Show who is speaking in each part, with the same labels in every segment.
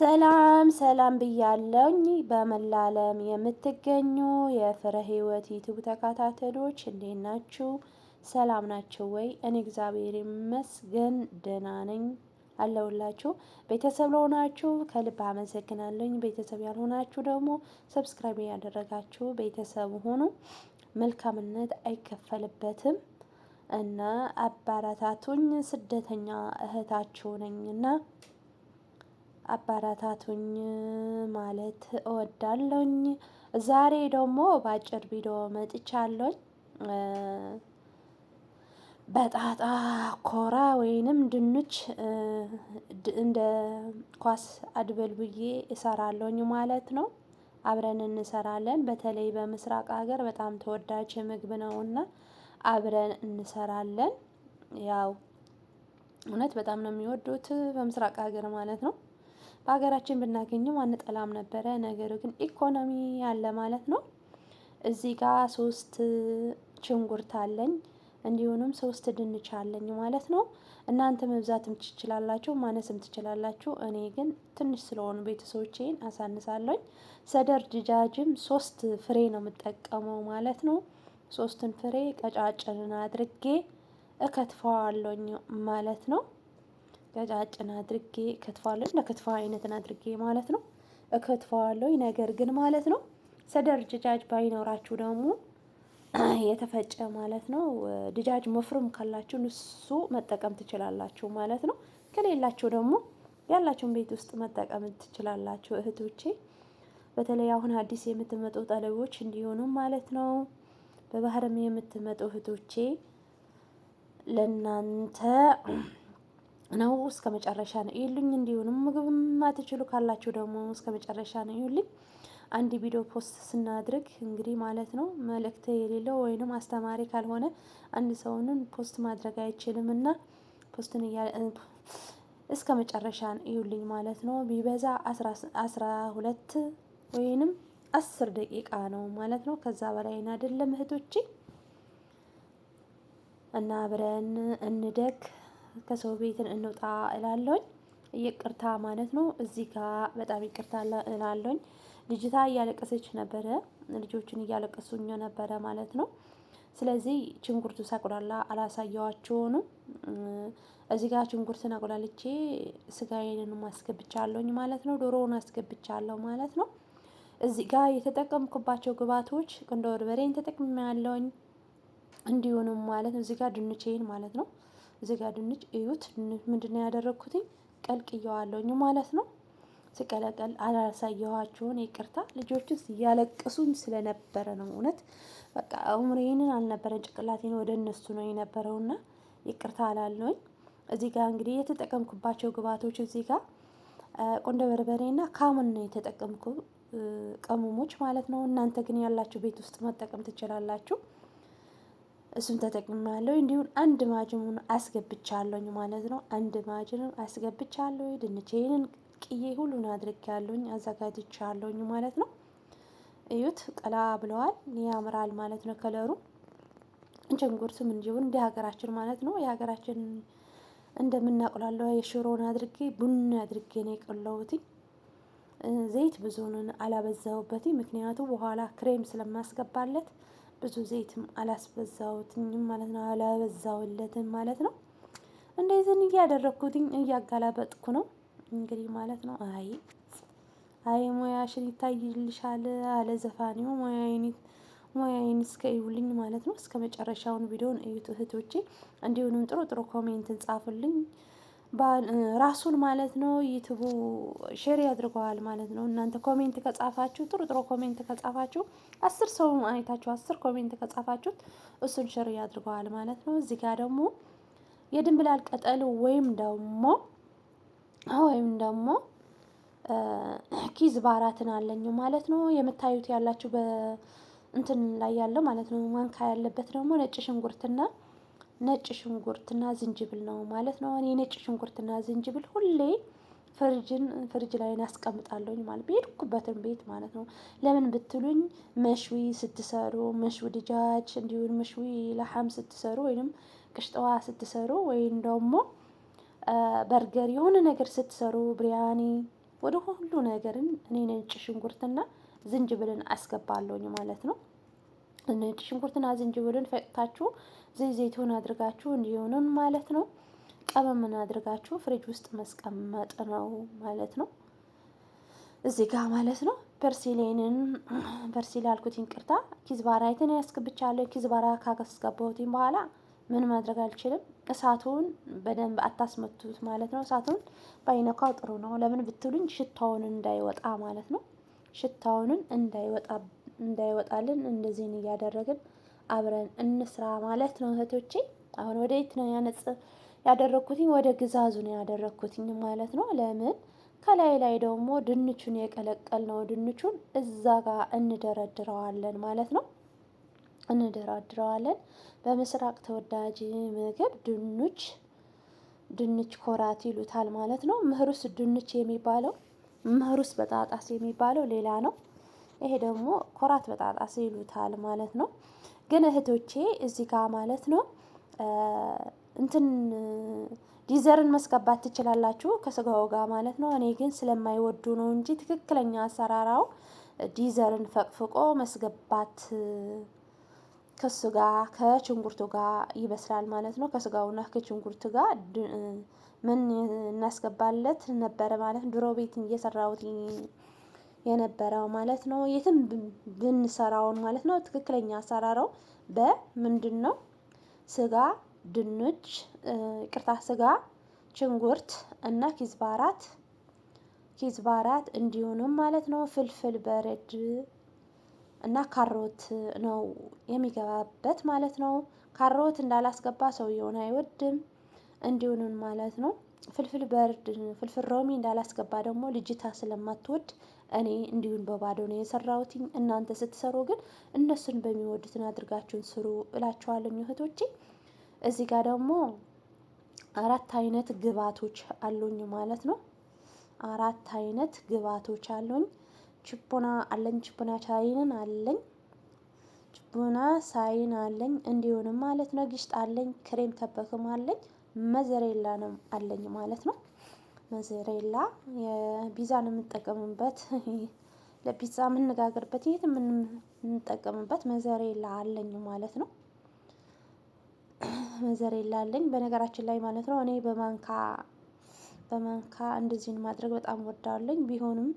Speaker 1: ሰላም ሰላም ብያለኝ። በመላ ዓለም የምትገኙ የፍረ ህይወት ዩቱብ ተከታታዮች እንዴት ናችሁ? ሰላም ናቸው ወይ? እኔ እግዚአብሔር ይመስገን ደህና ነኝ አለሁላችሁ። ቤተሰብ ለሆናችሁ ከልብ አመሰግናለኝ። ቤተሰብ ያልሆናችሁ ደግሞ ሰብስክራይብ ያደረጋችሁ ቤተሰብ ሁኑ። መልካምነት አይከፈልበትም እና አባራታቱኝ። ስደተኛ እህታችሁ ነኝና አባራታቱኝ ማለት እወዳለሁኝ። ዛሬ ደግሞ በአጭር ቪዲዮ መጥቻለሁኝ። በጣጣ ኮራ ወይንም ድንች እንደ ኳስ አድበል ብዬ እሰራለሁኝ ማለት ነው። አብረን እንሰራለን በተለይ በምስራቅ ሀገር በጣም ተወዳጅ ምግብ ነውና አብረን እንሰራለን። ያው እውነት በጣም ነው የሚወዱት በምስራቅ ሀገር ማለት ነው በሀገራችን ብናገኘው አንጠላም ነበረ። ነገሩ ግን ኢኮኖሚ አለ ማለት ነው። እዚህ ጋር ሶስት ሽንኩርት አለኝ እንዲሁም ሶስት ድንች አለኝ ማለት ነው። እናንተ መብዛትም ትችላላችሁ፣ ማነስም ትችላላችሁ። እኔ ግን ትንሽ ስለሆኑ ቤተሰቦቼን አሳንሳለኝ። ሰደር ድጃጅም ሶስት ፍሬ ነው የምጠቀመው ማለት ነው። ሶስትን ፍሬ ቀጫጭንን አድርጌ እከትፈዋለኝ ማለት ነው። ቀጫጭን አድርጌ ከትፋለሁ። እንደ ክትፋ አይነትን አድርጌ ማለት ነው እከትፈዋለሁ። ነገር ግን ማለት ነው ሰደር ድጃጅ ባይኖራችሁ ደግሞ የተፈጨ ማለት ነው ድጃጅ መፍሩም ካላችሁ እሱ መጠቀም ትችላላችሁ ማለት ነው። ከሌላችሁ ደግሞ ያላችሁን ቤት ውስጥ መጠቀም ትችላላችሁ እህቶቼ። በተለይ አሁን አዲስ የምትመጡ ጠለቦች እንዲሆኑ ማለት ነው በባህርም የምትመጡ እህቶቼ ለእናንተ ነው እስከ መጨረሻ ነው ይሉኝ። እንዲሁንም ምግብ ማትችሉ ካላችሁ ደግሞ እስከ መጨረሻ ነው ይሉኝ። አንድ ቪዲዮ ፖስት ስናድርግ እንግዲህ ማለት ነው መልእክት የሌለው ወይንም አስተማሪ ካልሆነ አንድ ሰውንም ፖስት ማድረግ አይችልም እና ፖስትን እስከ መጨረሻ ይሉኝ ማለት ነው። ቢበዛ አስራ ሁለት ወይንም አስር ደቂቃ ነው ማለት ነው። ከዛ በላይን አይደለም እህቶቼ እና አብረን እንደግ ከሰው ቤትን እንውጣ እላለሁኝ። ይቅርታ ማለት ነው። እዚህ ጋር በጣም ይቅርታ እላለሁኝ። ልጅታ እያለቀሰች ነበረ፣ ልጆችን እያለቀሱኝ ነበረ ማለት ነው። ስለዚህ ችንጉርቱ ሳቁላላ አላሳየዋቸውም። እዚህ ጋር ሽንኩርትን አቁላልቼ ስጋዬንም አስገብቻለሁኝ ማለት ነው። ዶሮውን አስገብቻለሁ ማለት ነው። እዚህ ጋር የተጠቀምኩባቸው ግብአቶች ቁንዶ በርበሬን ተጠቅሜያለሁኝ። እንዲሁንም ማለት ነው እዚህ ጋር ድንቼን ማለት ነው ዝጋ ድንች እዩት። ምንድን ነው ያደረግኩትኝ? ቀልቅየዋለሁኝ ማለት ነው። ስቀለቀል አላሳየኋቸውን ይቅርታ። ልጆችስ እያለቀሱኝ ስለነበረ ነው እውነት በቃ ይህንን አልነበረን ጭቅላቴን ወደ እነሱ ነው የነበረውና ይቅርታ አላለውኝ። እዚህ ጋር እንግዲህ የተጠቀምኩባቸው ግብአቶች እዚህ ጋር ቆንደ በርበሬና ካሙን ነው የተጠቀምኩ፣ ቅመሞች ማለት ነው። እናንተ ግን ያላችሁ ቤት ውስጥ መጠቀም ትችላላችሁ። እሱን ተጠቅሜያለሁ። እንዲሁም አንድ ማጅኑን አስገብቻለሁኝ ማለት ነው። አንድ ማጅኑን አስገብቻለሁ። ድንቼን ቅዬ ሁሉን አድርጌያለሁኝ አዘጋጅቻለሁኝ ማለት ነው። እዩት ቀላ ብለዋል። ያምራል ማለት ነው ከለሩ። ጀንጉርቱም እንዲሁን እንደ ሀገራችን ማለት ነው የሀገራችን እንደምናቁላለው የሽሮን አድርጌ ቡን አድርጌ ነው የቆለሁትኝ። ዘይት ብዙውን አላበዛሁበት፣ ምክንያቱም በኋላ ክሬም ስለማስገባለት ብዙ ዘይትም አላስበዛውትኝም ማለት ነው። አላበዛውለትም ማለት ነው። እንደዚህን እያደረግኩትኝ እያጋላበጥኩ ነው እንግዲህ ማለት ነው። አይ አይ ሙያሽን ይታይልሻል አለ ዘፋኒው። ሙያዬን እስከ እዩልኝ ማለት ነው። እስከ መጨረሻውን ቪዲዮን እዩት እህቶቼ። እንዲሁንም ጥሩ ጥሩ ኮሜንትን ጻፉልኝ። ራሱን ማለት ነው ዩቱቡ ሼር ያድርገዋል ማለት ነው። እናንተ ኮሜንት ከጻፋችሁ ጥሩ ጥሩ ኮሜንት ከጻፋችሁ አስር ሰው አይታችሁ አስር ኮሜንት ከጻፋችሁት እሱን ሼር ያድርገዋል ማለት ነው። እዚህ ጋር ደግሞ የድንብላል ቅጠል ወይም ደግሞ ወይም ደግሞ ኪዝ ባራትን አለኝ ማለት ነው። የምታዩት ያላችሁ በእንትን ላይ ያለው ማለት ነው። ማንካ ያለበት ደግሞ ነጭ ሽንኩርትና ነጭ ሽንኩርትና ዝንጅብል ነው ማለት ነው። እኔ ነጭ ሽንኩርትና ዝንጅብል ሁሌ ፍርጅን ፍርጅ ላይ አስቀምጣለሁኝ ማለት በሄድኩበትን ቤት ማለት ነው። ለምን ብትሉኝ መሽዊ ስትሰሩ መሽዊ ድጃጅ እንዲሁም መሽዊ ለሐም ስትሰሩ ወይም ቅሽጠዋ ስትሰሩ ወይም ደግሞ በርገር የሆነ ነገር ስትሰሩ ብሪያኒ ወደ ሁሉ ነገርን እኔ ነጭ ሽንኩርትና ዝንጅብልን አስገባለሁኝ ማለት ነው። ነጭ ሽንኩርትና ዝንጅብልን ፈጭታችሁ ዘይ ዘይቱን አድርጋችሁ እንዲሆኑን ማለት ነው። ቀመምን አድርጋችሁ ፍሪጅ ውስጥ መስቀመጥ ነው ማለት ነው። እዚ ጋ ማለት ነው። ፐርሲሌንን ፐርሲል ያልኩትን ቅርታ ኪዝባራይትን ያስገብቻለሁ። ኪዝባራ ካስገባሁትን በኋላ ምን ማድረግ አልችልም። እሳቱን በደንብ አታስመቱት ማለት ነው። እሳቱን ባይነካው ጥሩ ነው። ለምን ብትሉኝ ሽታውን እንዳይወጣ ማለት ነው። ሽታውንን እንዳይወጣ እንዳይወጣልን እንደዚህን እያደረግን አብረን እንስራ ማለት ነው እህቶቼ። አሁን ወደ የት ነው ያነጽ ያደረግኩትኝ? ወደ ግዛዙ ነው ያደረግኩትኝ ማለት ነው። ለምን ከላይ ላይ ደግሞ ድንቹን የቀለቀል ነው ድንቹን እዛ ጋር እንደረድረዋለን ማለት ነው። እንደረድረዋለን በምስራቅ ተወዳጅ ምግብ ድንች ድንች ኮራት ይሉታል ማለት ነው። ምህሩስ ድንች የሚባለው ምህሩስ በጣጣስ የሚባለው ሌላ ነው። ይሄ ደግሞ ኮራት በጣጣስ ይሉታል ማለት ነው። ግን እህቶቼ እዚህ ጋር ማለት ነው እንትን ዲዘርን መስገባት ትችላላችሁ ከስጋው ጋር ማለት ነው። እኔ ግን ስለማይወዱ ነው እንጂ ትክክለኛ አሰራራው ዲዘርን ፈቅፍቆ መስገባት ከሱ ጋር ከሽንኩርቱ ጋር ይበስላል ማለት ነው። ከስጋውና ከሽንኩርቱ ጋር ምን እናስገባለት ነበረ ማለት ድሮ ቤት እየሰራሁት የነበረው ማለት ነው። የትም ብንሰራውን ማለት ነው። ትክክለኛ አሰራረው በምንድን ነው? ስጋ፣ ድንች፣ ቅርታ ስጋ፣ ችንጉርት እና ኪዝባራት ኪዝባራት እንዲሁንም ማለት ነው ፍልፍል በረድ እና ካሮት ነው የሚገባበት ማለት ነው። ካሮት እንዳላስገባ ሰውየውን አይወድም። እንዲሁንም ማለት ነው ፍልፍል በርድ ፍልፍል ሮሚ እንዳላስገባ ደግሞ ልጅታ ስለማትወድ እኔ እንዲሁን በባዶ ነው የሰራሁትኝ። እናንተ ስትሰሩ ግን እነሱን በሚወዱትን አድርጋችሁን ስሩ እላቸዋለሁ እህቶቼ። እዚህ ጋር ደግሞ አራት አይነት ግባቶች አሉኝ ማለት ነው። አራት አይነት ግባቶች አሉኝ። ችቦና አለኝ፣ ችቦና ቻይንን አለኝ፣ ችቦና ሳይን አለኝ። እንዲሁንም ማለት ነው ግሽጥ አለኝ፣ ክሬም ተበክም አለኝ፣ መዘሬላንም አለኝ ማለት ነው። መዝሬላ የፒዛ ነው የምንጠቀምበት ለፒዛ የምንጋገርበት ይህ የምንጠቀምበት መዘሬላ አለኝ ማለት ነው። መዘሬላ አለኝ በነገራችን ላይ ማለት ነው። እኔ በማንካ በማንካ እንደዚህን ማድረግ በጣም ወዳለኝ ቢሆንም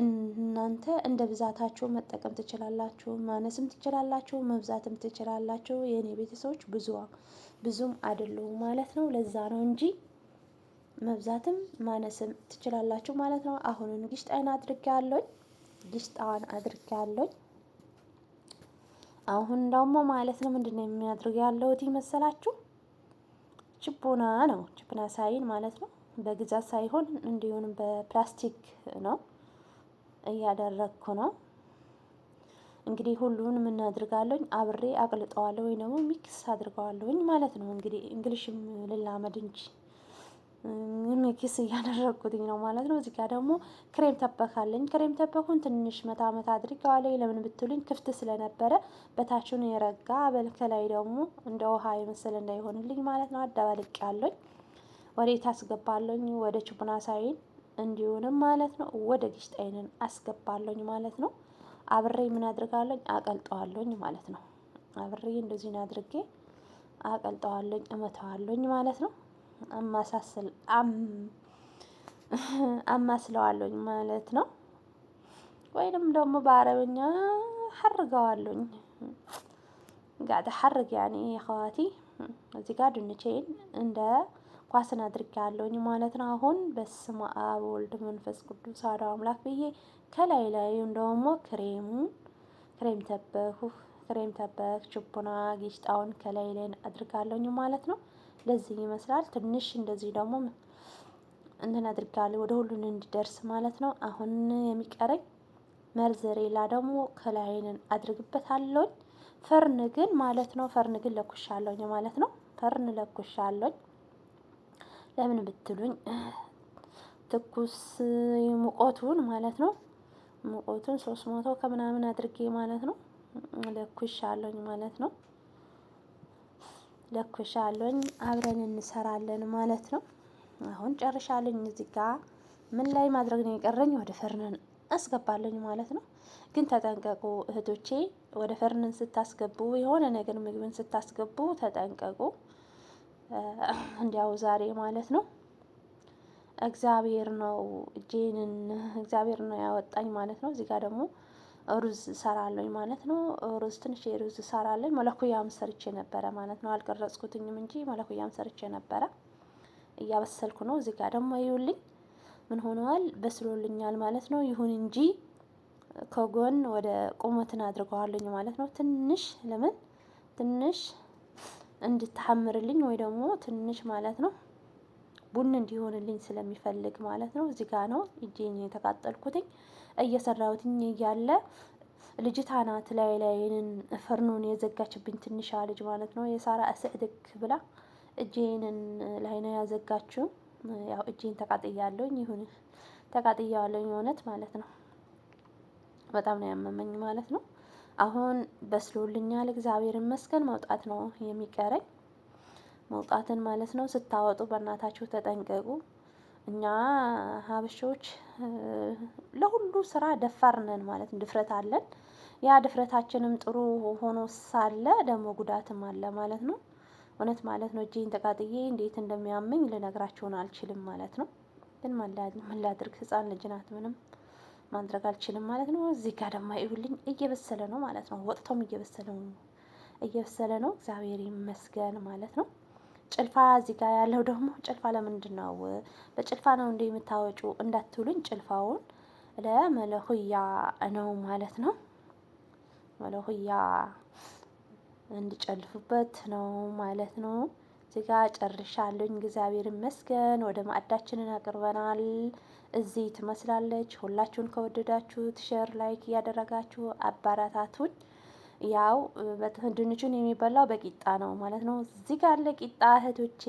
Speaker 1: እናንተ እንደ ብዛታችሁ መጠቀም ትችላላችሁ፣ ማነስም ትችላላችሁ፣ መብዛትም ትችላላችሁ። የእኔ ቤተሰቦች ብዙ ብዙም አይደሉም ማለት ነው። ለዛ ነው እንጂ መብዛትም ማነስም ትችላላችሁ ማለት ነው። አሁንም ግሽጣን አድርጌ ያለኝ ግሽጣን አድርጌ አሁን ደግሞ ማለት ነው ምንድን ነው የሚያደርገው ያለሁት መሰላችሁ? ችቦና ነው ችቦና ሳይን ማለት ነው። በግዛት ሳይሆን እንዲሁም በፕላስቲክ ነው እያደረግኩ ነው። እንግዲህ ሁሉንም አድርጋለሁ? አብሬ አቅልጠዋለሁ ወይ ደግሞ ሚክስ አድርገዋለሁኝ ማለት ነው። እንግዲህ እንግሊሽም ልላመድ እንጂ ኪስ እያደረግኩትኝ ነው ማለት ነው። እዚህ ጋር ደግሞ ክሬም ተበካለኝ። ክሬም ተበኩን ትንሽ መታ መታ አድርጌዋለሁ። ለምን ብትሉኝ ክፍት ስለነበረ በታችን የረጋ በልከላይ ደግሞ እንደ ውሃ የመሰለ እንዳይሆንልኝ ማለት ነው አደባልቅ ያለኝ ወደ አስገባለኝ? ወደ ችቡና ሳይን እንዲሁንም ማለት ነው ወደ ግሽጣይንን አስገባለኝ ማለት ነው። አብሬ ምን አድርጋለኝ አቀልጠዋለኝ ማለት ነው። አብሬ እንደዚህ አድርጌ አቀልጠዋለኝ እመተዋለኝ ማለት ነው። አማሳስል አማስለዋለሁኝ ማለት ነው። ወይንም ደግሞ በአረብኛ ሐርገዋለሁኝ። ጋር ተሐርግ ያኒ የኸዋቲ እዚህ ጋር ድንቼን እንደ ኳስን አድርጌያለሁኝ ማለት ነው። አሁን በስመ አብ ወልድ መንፈስ ቅዱስ አሐዱ አምላክ ብዬ ከላይ ላዩን ደግሞ ክሬሙ ክሬም ተበኩ ክሬም ተበክ ችቡና ጊሽጣውን ከላይ ላይ አድርጋለሁኝ ማለት ነው። ለዚህ ይመስላል። ትንሽ እንደዚህ ደግሞ እንትን አድርጋለሁ ወደ ሁሉን እንዲደርስ ማለት ነው። አሁን የሚቀረኝ መርዘሬላ ደግሞ ከላይንን አድርግበታለሁኝ። ፈርን ግን ማለት ነው ፈርን ግን ለኩሻለሁኝ ማለት ነው። ፈርን ለኩሻለሁኝ። ለምን ብትሉኝ ትኩስ ሙቆቱን ማለት ነው ሙቆቱን ሶስት መቶ ከምናምን አድርጌ ማለት ነው ለኩሻለሁኝ ማለት ነው። ለኩሻለኝ አብረን እንሰራለን ማለት ነው። አሁን ጨርሻለኝ። እዚህ ጋ ምን ላይ ማድረግ ነው የቀረኝ? ወደ ፈርንን አስገባለኝ ማለት ነው። ግን ተጠንቀቁ እህቶቼ፣ ወደ ፈርንን ስታስገቡ የሆነ ነገር ምግብን ስታስገቡ ተጠንቀቁ። እንዲያው ዛሬ ማለት ነው እግዚአብሔር ነው እጄንን እግዚአብሔር ነው ያወጣኝ ማለት ነው። እዚህ ጋ ደግሞ ሩዝ እሰራለኝ ማለት ነው። ሩዝ ትንሽ ሩዝ እሰራለኝ መለኩያም ሰርቼ ነበረ ማለት ነው። አልቀረጽኩትኝም እንጂ መለኩያም ሰርቼ ነበረ። እያበሰልኩ ነው። እዚህ ጋር ደግሞ ይውልኝ ምን ሆነዋል? በስሎልኛል ማለት ነው። ይሁን እንጂ ከጎን ወደ ቁመትን አድርገዋለኝ ማለት ነው። ትንሽ ለምን ትንሽ እንድታምርልኝ ወይ ደግሞ ትንሽ ማለት ነው ቡን እንዲሆንልኝ ስለሚፈልግ ማለት ነው። እዚህ ጋር ነው እጄን የተቃጠልኩትኝ። እየሰራሁትኝ እያለ ልጅቷ ናት ላይ ላይንን ፍርኑን የዘጋችብኝ ትንሿ ልጅ ማለት ነው። የሳራ እስዕድክ ብላ እጄንን ላይ ነው ያዘጋችው። ያው እጄን ተቃጥያለሁኝ ይሁን ተቃጥያለሁኝ እውነት ማለት ነው። በጣም ነው ያመመኝ ማለት ነው። አሁን በስሎልኛል፣ እግዚአብሔር ይመስገን። መውጣት ነው የሚቀረኝ መውጣትን ማለት ነው። ስታወጡ በእናታችሁ ተጠንቀቁ። እኛ ሀበሾች ለሁሉ ስራ ደፋር ነን ማለት ድፍረት አለን። ያ ድፍረታችንም ጥሩ ሆኖ ሳለ ደግሞ ጉዳትም አለ ማለት ነው። እውነት ማለት ነው። እጄን ተቃጥዬ እንዴት እንደሚያመኝ ልነግራቸውን አልችልም ማለት ነው። ግን ምን ላድርግ፣ ህፃን ልጅ ናት። ምንም ማድረግ አልችልም ማለት ነው። እዚህ ጋር ደግሞ ይሁልኝ እየበሰለ ነው ማለት ነው። ወጥቶም እየበሰለ ነው፣ እየበሰለ ነው። እግዚአብሔር ይመስገን ማለት ነው። ጭልፋ እዚህ ጋር ያለው ደግሞ ጭልፋ ለምንድን ነው በጭልፋ ነው እንደ የምታወጩ እንዳትሉኝ፣ ጭልፋውን ለመለሁያ ነው ማለት ነው። መለኩያ እንዲጨልፉበት ነው ማለት ነው። እዚህ ጋር ጨርሻለሁኝ። እግዚአብሔር ይመስገን። ወደ ማዕዳችንን አቅርበናል። እዚህ ትመስላለች። ሁላችሁን ከወደዳችሁት ሼር፣ ላይክ እያደረጋችሁ አባራታቱን ያው ድንቹን የሚበላው በቂጣ ነው ማለት ነው። እዚህ ጋር ቂጣ እህቶቼ